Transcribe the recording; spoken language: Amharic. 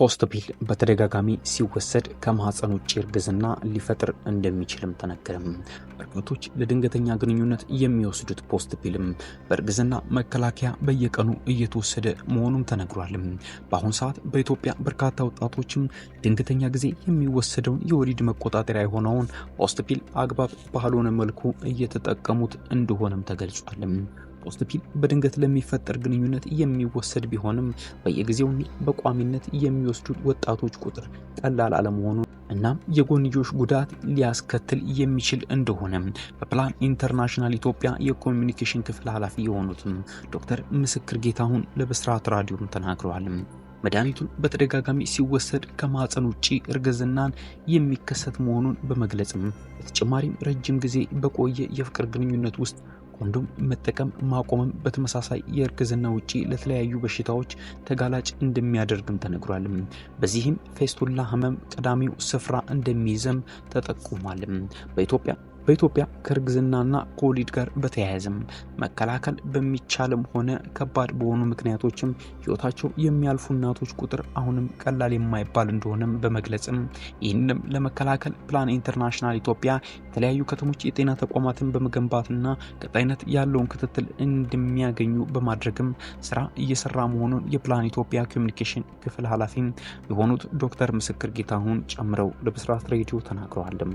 ፖስተፒል በተደጋጋሚ ሲወሰድ ከማህፀን ውጭ እርግዝና ሊፈጥር እንደሚችልም ተነገረም። በርካቶች ለድንገተኛ ግንኙነት የሚወስዱት ፖስተፒልም በእርግዝና መከላከያ በየቀኑ እየተወሰደ መሆኑም ተነግሯል። በአሁኑ ሰዓት በኢትዮጵያ በርካታ ወጣቶችም ድንገተኛ ጊዜ የሚወሰደውን የወሊድ መቆጣጠሪያ የሆነውን ፖስተፒል አግባብ ባልሆነ መልኩ እየተጠቀሙት እንደሆነም ተገልጿል። ፖስት በድንገት ለሚፈጠር ግንኙነት የሚወሰድ ቢሆንም በየጊዜው በቋሚነት የሚወስዱት ወጣቶች ቁጥር ቀላል አለመሆኑ እናም የጎንዮሽ ጉዳት ሊያስከትል የሚችል እንደሆነ በፕላን ኢንተርናሽናል ኢትዮጵያ የኮሚኒኬሽን ክፍል ኃላፊ የሆኑትም ዶክተር ምስክር ጌታሁን ለብስራት ራዲዮም ተናግረዋል። መድኃኒቱን በተደጋጋሚ ሲወሰድ ከማህፀን ውጭ እርግዝናን የሚከሰት መሆኑን በመግለጽም በተጨማሪም ረጅም ጊዜ በቆየ የፍቅር ግንኙነት ውስጥ ኮንዶም መጠቀም ማቆምም በተመሳሳይ የእርግዝና ውጪ ለተለያዩ በሽታዎች ተጋላጭ እንደሚያደርግም ተነግሯል። በዚህም ፌስቱላ ህመም ቀዳሚው ስፍራ እንደሚይዘም ተጠቁሟል። በኢትዮጵያ በኢትዮጵያ ከእርግዝናና ከወሊድ ጋር በተያያዘም መከላከል በሚቻልም ሆነ ከባድ በሆኑ ምክንያቶችም ህይወታቸው የሚያልፉ እናቶች ቁጥር አሁንም ቀላል የማይባል እንደሆነም በመግለጽም ይህንም ለመከላከል ፕላን ኢንተርናሽናል ኢትዮጵያ የተለያዩ ከተሞች የጤና ተቋማትን በመገንባትና ቀጣይነት ያለውን ክትትል እንደሚያገኙ በማድረግም ስራ እየሰራ መሆኑን የፕላን ኢትዮጵያ ኮሚኒኬሽን ክፍል ኃላፊ የሆኑት ዶክተር ምስክር ጌታሁን ጨምረው ለብስራት ሬዲዮ ተናግረዋልም።